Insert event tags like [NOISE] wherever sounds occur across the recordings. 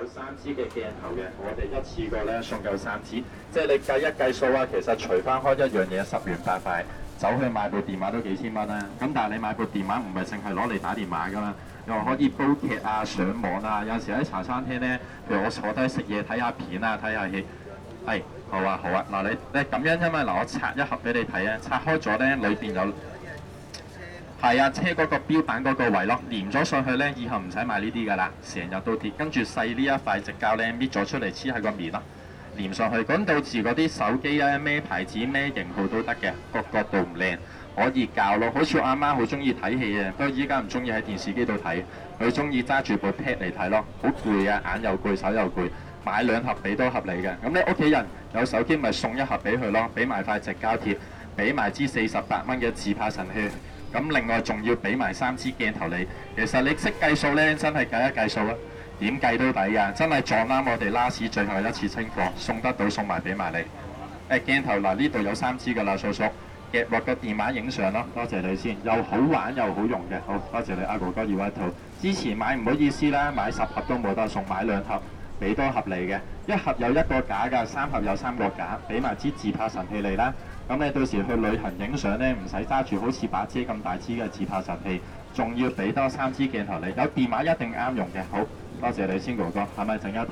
有三支嘅鏡頭嘅，我哋一次過咧送夠三支，即係你計一計數啊。其實除翻開一樣嘢十元八塊，走去買部電話都幾千蚊啦、啊。咁但係你買部電話唔係淨係攞嚟打電話㗎嘛，又可以煲劇啊、上網啊。有時喺茶餐廳咧，譬如我坐低食嘢睇下看看片啊、睇下戲。係、哎，好啊，好啊。嗱，你你咁樣因為嘛。嗱，我拆一盒俾你睇啊，拆開咗咧，裏邊有。係啊，車嗰個標板嗰個位咯，黏咗上去呢，以後唔使買呢啲㗎啦，成日都貼。跟住細呢一塊直膠呢，搣咗出嚟黐喺個面咯，黏上去。咁到時嗰啲手機咧、啊，咩牌子咩型號都得嘅，個角度唔靚可以教咯。好似我阿媽好中意睇戲啊，不過而家唔中意喺電視機度睇，佢中意揸住部 pad 嚟睇咯，好攰啊，眼又攰，手又攰。買兩盒俾都合理嘅，咁你屋企人有手機咪送一盒俾佢咯，俾埋塊直膠貼，俾埋支四十八蚊嘅自拍神器。咁另外仲要俾埋三支鏡頭你，其實你識計數咧，真係計一計數啦，點計都抵噶，真係撞啱我哋 last 最後一次清貨，送得到送埋俾埋你。誒，鏡頭嗱呢度有三支噶啦，叔叔，夾落個電話影相啦，多謝你先，又好玩又好用嘅，好多謝你，阿哥哥要一套，之前買唔好意思啦，買十盒都冇得送，買兩盒，俾多盒你嘅，一盒有一個假㗎，三盒有三個假，俾埋支自拍神器你啦。咁、嗯、你到時去旅行影相呢，唔使揸住好似把遮咁大支嘅自拍神器，仲要俾多三支鏡頭你。有電話一定啱用嘅，好多謝，謝你，千哥哥。係咪剩一套？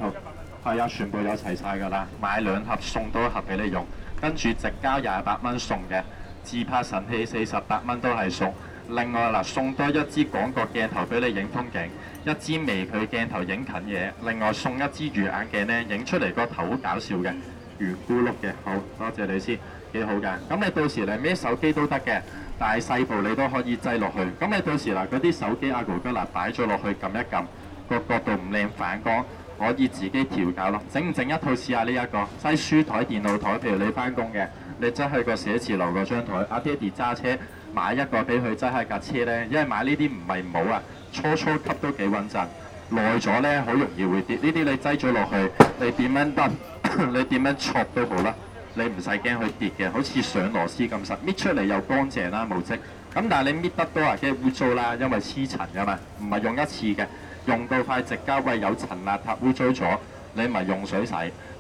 係啊元、哎，全部有齊晒㗎啦。買兩盒送多一盒俾你用，跟住直交廿八蚊送嘅自拍神器四十八蚊都係送。另外嗱，送多一支廣角鏡頭俾你影風景，一支微距鏡頭影近嘢，另外送一支魚眼鏡呢，影出嚟個頭好搞笑嘅。圓咕碌嘅，好多謝你先，幾好㗎！咁你到時你咩手機都得嘅，大細部你都可以擠落去。咁你到時嗱，嗰啲手機阿蘋、啊、哥嗱擺咗落去，撳一撳個角度唔靚反光，可以自己調教咯。整唔整一套試一下呢、這、一個？擠書台、電腦台，譬如你翻工嘅，你擠去個寫字樓嗰張台，阿、啊、爹哋揸車買一個俾佢擠喺架車呢，因為買呢啲唔係唔好啊，初初級都幾穩陣，耐咗呢，好容易會跌。呢啲你擠咗落去，你點樣得？ [LAUGHS] 你點樣戳都好啦，你唔使驚佢跌嘅，好似上螺絲咁實，搣出嚟又乾淨啦，冇漬。咁但係你搣得多啊，驚污糟啦，因為黐塵噶嘛，唔係用一次嘅，用到塊直膠喂，有塵邋遢污糟咗，你咪用水洗。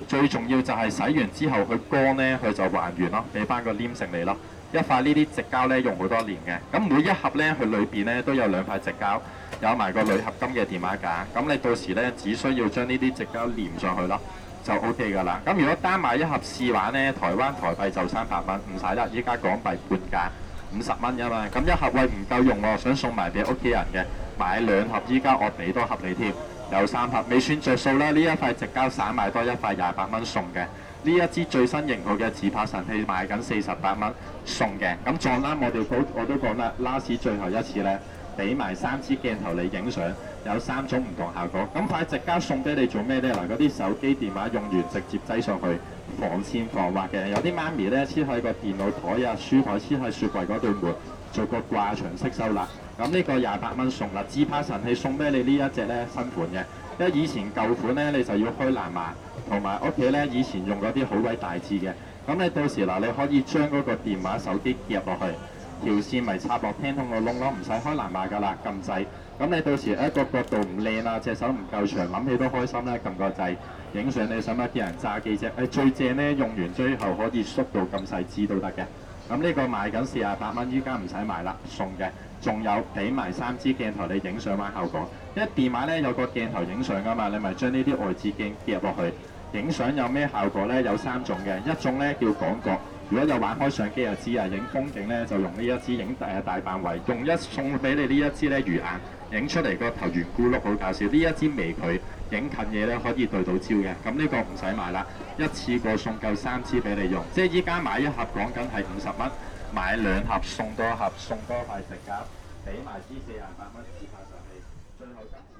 最重要就係洗完之後佢乾呢，佢就還原咯，俾翻個黏性你咯。一塊呢啲直膠呢，用好多年嘅，咁每一盒呢，佢裏邊呢都有兩塊直膠，有埋個鋁合金嘅電話架，咁你到時呢，只需要將呢啲直膠粘上去咯。就 O K 噶啦。咁如果單買一盒試玩呢，台灣台幣就三百蚊，唔使啦。依家港幣半價五十蚊啊嘛。咁一盒喂唔夠用，哦，我想送埋俾屋企人嘅，買兩盒。依家我俾多盒你添，有三盒，未算着數啦。呢一塊直交省買多一塊，廿八蚊送嘅。呢一支最新型號嘅自拍神器賣緊四十八蚊送嘅。咁撞啦，我哋我都講啦，last 最後一次呢。俾埋三支鏡頭你影相，有三種唔同效果。咁快直交送俾你做咩呢？嗱，嗰啲手機電話用完直接擠上去防塵防滑嘅。有啲媽咪呢，黐喺個電腦枱啊書枱，黐喺雪櫃嗰對門做個掛牆式收納。咁呢個廿八蚊送啦，自拍神器送俾你呢一隻呢，新款嘅。因為以前舊款呢，你就要開藍牙，同埋屋企呢，以前用嗰啲好鬼大支嘅。咁你到時嗱，你可以將嗰個電話手機夾落去。條線咪插落天通個窿咯，唔使開藍牙噶啦，咁細。咁你到時一個角度唔靚啊，隻手唔夠長，諗起都開心咧，撳個掣，影相你想乜嘢人揸幾隻？誒、哎、最正呢，用完最後可以縮到咁細支都得嘅。咁呢個賣緊四廿八蚊，依家唔使買啦，送嘅。仲有俾埋三支鏡頭你影相玩效果，因為電話呢，有個鏡頭影相噶嘛，你咪將呢啲外置鏡夾落去影相有咩效果呢？有三種嘅，一種呢，叫廣角。如果有玩開相機就知啊，影風景呢就用呢一支影，誒、大範圍，用一送俾你一，呢一支咧，魚眼，影出嚟個頭圓咕碌好搞笑。呢一支微距，影近嘢咧可以對到焦嘅。咁呢個唔使買啦，一次過送夠三支俾你用。即係依家買一盒講緊係五十蚊，買兩盒送多盒，送多塊石膠，俾埋支四廿八蚊自拍上去。最後。